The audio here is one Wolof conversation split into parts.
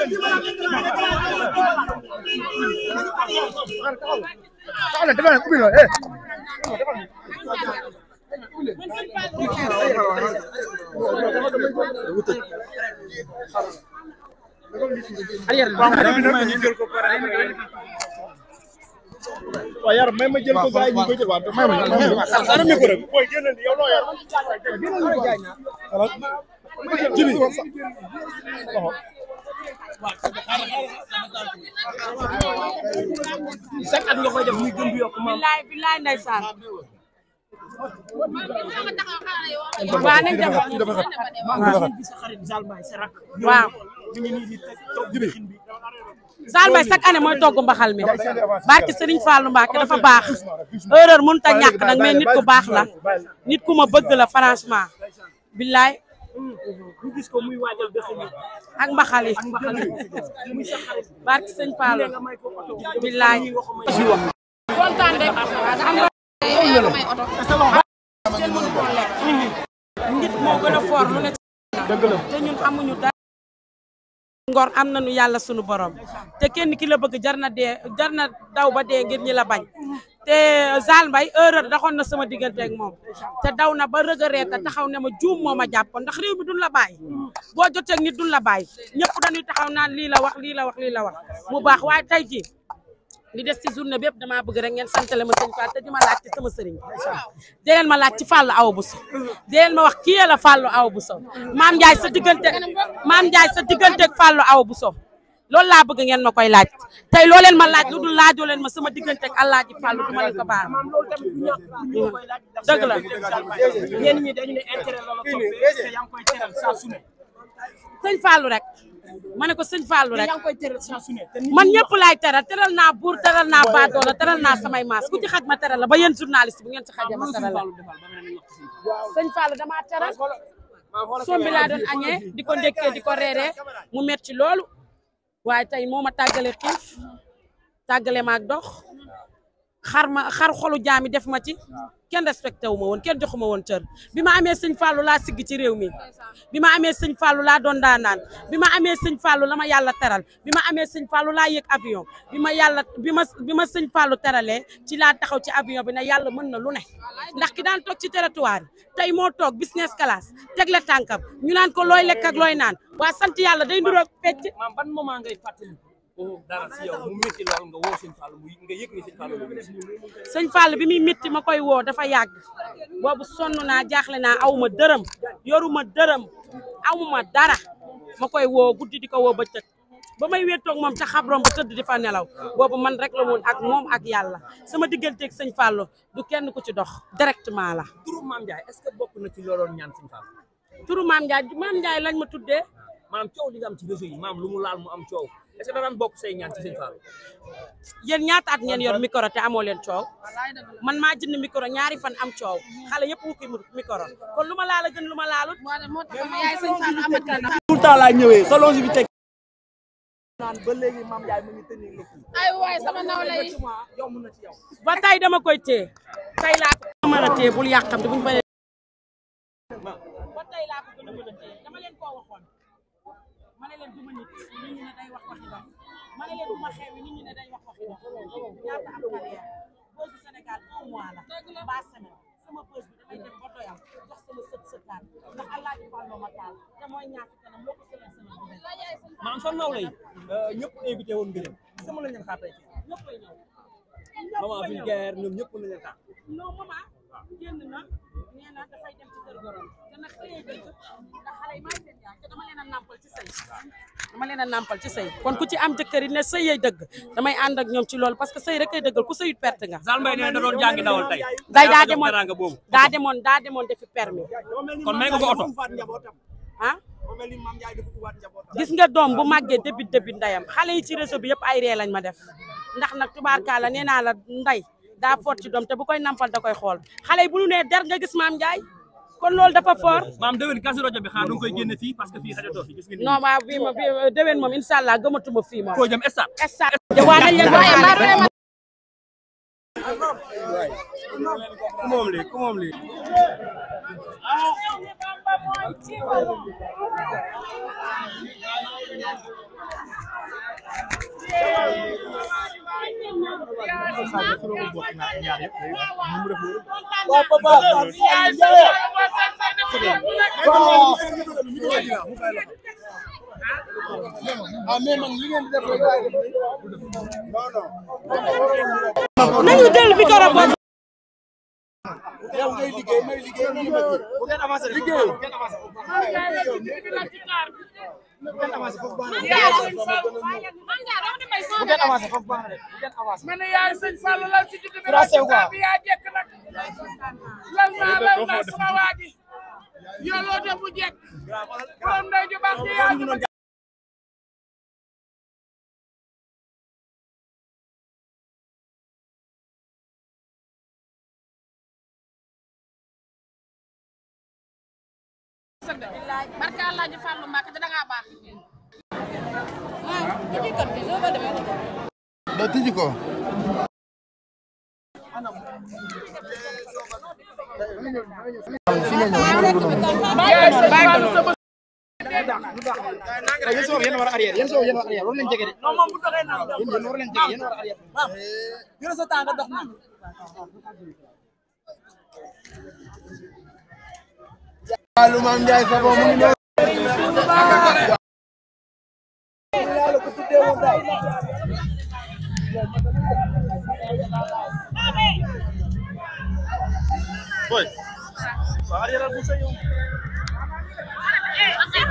Taxaw leen defal leen ubbi la eh. waaw yar may ma jël ko gars yi ñu ko jël waaw may ma ana micro rek booy génnal yow noo yar. Jibi. chaque at nga koy def muy gën di yokk maam. bilaay bilaay ndeysaan. waaw nañ dem mooy togg mbaxal mi barke Serigne Fallou Mbacke dafa baax erreur mënut a ñàkk nag nit ku baax la nit ku ma bëgg la franchement billaay ñu gis ko muy waajal dëkk bi ak mbaxal yi barki sëñ Paalo billaay kontaan rek am na may oto nit moo gën a foor lu ne te ñun amuñu dara ngor am na nañu yàlla sunu borom te kenn ki la bëgg jar na dee jar na daw ba dee ngir ñi la bañ te euh, Zal Mbaye erreur daxoon na sama diggante ak moom te daw na ba regretté taxaw ne ma juum moo ma jàppoon ndax réew mi duñ la bàyyi boo jotee nit duñ la bàyyi ñëpp dañuy taxaw naan lii la wax lii la wax lii la wax mu baax waaye tey jii li des ci journée bépp damaa bëgg rek ngeen santale ma sëñ Fall te di ma laaj ci sama sëriñ di leen ma laaj ci Fallou Awa bu di leen ma wax kii la Fallou Awa Bousso maam Ndiaye sa diggante maam Ndiaye sa diggante ak Fallou bu Bousso loolu laa bëgg ngeen ma koy laaj tey loo leen ma laaj lu dul laajoo leen ma sama diggante ak Allah ji Fallou duma leen ko baal dëgg la ñenn ñi dañu ne intérêt la rek ma ne ko sëñ Fallou rek man ñëpp laay teral teral naa buur teral naa baadoola teral naa samay maas ku ci xaj ma tere la ba yéen journaliste bu ngeen ci xajee ma teral la sëñ Fallou damaa teral soom bi laa doon añee di ko ndékkee di ko reeree mu metti loolu waaye tey moo ma tàggale xiif tàggale maag dox xar ma xar xolu jaami def ma ci kenn respecté wu ma woon ken joxu woon cër bi ma amee sëñ Fallou laa sigg ci réew mi bi ma amee sëñ Fallou laa doon naan bi ma amee sëñ Fallou la ma yàlla teral bi ma amee sëñ Fallou laa yëg avion bi ma yàlla bi ma bi ma sëñ Fallou teralee ci laa taxaw ci avion bi ne yàlla mën na lu ne ndax ki daan toog ci territoire tey moo toog business class teg la tànkam ñu naan ko looy lekk ak looy naan waa sant yàlla day nduroog fecc. maam ngay fàttali dara si yow mu métti lool nga woo sëñ nga yëg ni sëñ Fall sëñ Fall bi muy métti ma koy woo dafa yàgg boobu sonn naa jaaxle naa aw ma dërëm yoruma dërëm awuma dara ma koy woo guddi di ko woo ba tëdd ba may wéetoog moom ca xabrom ba tëdd di fa nelaw boobu man rek la woon ak moom ak yàlla sama digganteeg sëñ Fallou du kenn ku ci dox directement la. turu Mame Ndiaye est-ce que bokk na ci looloon ñaan sëñ Fallou. turu Mame Ndiaye Mame lañ ma tuddee. maam coow li nga am ci réseau yi maam lu mu laal mu am coow. est ce que daan bokk say ñaan ci sëñ Fallou. yéen ñaata at ngeen yor micro te amoo leen coow man maa jënd micro ñaari fan am coow xale yëpp ma laal a lu ma laa ñëwee sa longévité naan ba léegi mu ngi tenir le coup. ay waay sama nawle yi yomb dama koy té tay laa ko mën a téye bul yàqam ma ne leen du ma nit nit ñi ne day wax waxi dof ma ne leen du ma xeewi nit ñi ne day wax waxi dof ñaata am carrière boosu Sénégal un mois la ba semaine sama bës bi damay dem ba doyal jox sama sët sëtaan ndax allah ji fàlloo ma taal te mooy ñaar ci kanam moo ko sëlal sama bubel maam sa naw lay ñëpp invité woon ngërëm sama la ñu xaar tey ñëpp ay ñëw maman fi guerre ñoom ñëpp mën nañu xaar non maman génn na nee na dafay dem ci kër gorom te nag xëyee jël ndax xale yi dama leen a nàmpal ci sëy dama leen a nàmpal kon ku ci am jëkkër yi ne sëy yay dëgg damay ànd ak ñoom ci loolu parce que sëy rek ay dëggal ku sëyut perte nga Zale Mbaye nee na doon jàngi dawal day daa demoon daa demoon daa demoon defi permis kon may nga ko oto ah gis nga doom bu màggee débit débit ndayam xale yi ci réseau bi yëpp ay ree lañ ma def ndax nag tubaarkaala nee naa la nday daa foot ci doom te bu koy nampal da koy xool xale yi bu ñu nee der nga gis maam Ndiaye kon loolu dafa fort. maam déwén kasi rajo bi xaar da nga koy génne fii parce que fii xajatoo fi gis ngeen. non ma bii déwén moom incha allah fii moom. ku moom lii nañu dellu bi ko rapport yow ngay liggéey may liggéey bu ngeen avancé liggéey bu ngeen avancé bu ngeen avancé foofu baax na man yaay sëñ Fallou lan ci jiddi bi la ci yaa jekk nag lan naa lan naa sama waaji yoloo te bu jekk borom ndey ju baax ji yaa barka allah ji fàllu màkk da nga baax do tijji ko Maam Njaay sa bo mu ngi ñëw Amen Boy. Bariya mo sa yung. Eh, ang sino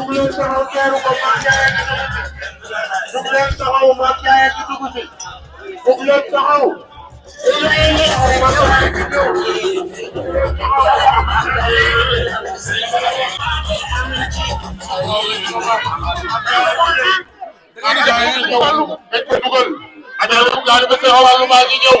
jug leen taxaw teeru ko Mame Ndiaye ak dugg ci jug leen taxaw Mame Ndiaye ak dugg ci jug leen taxaw Aja lu gaari be taxawal lu baa ngi ñëw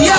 Yeah,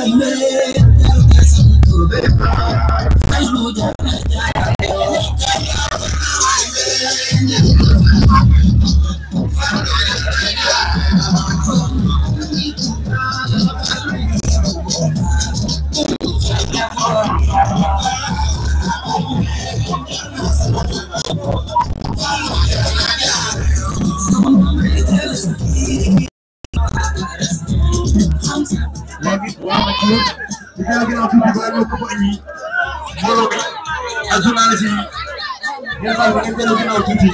I made. loolu ko ko indi mbooloo bi ak journaliste yi ngeen baal ma ngeen dellu ginnaaw tuuti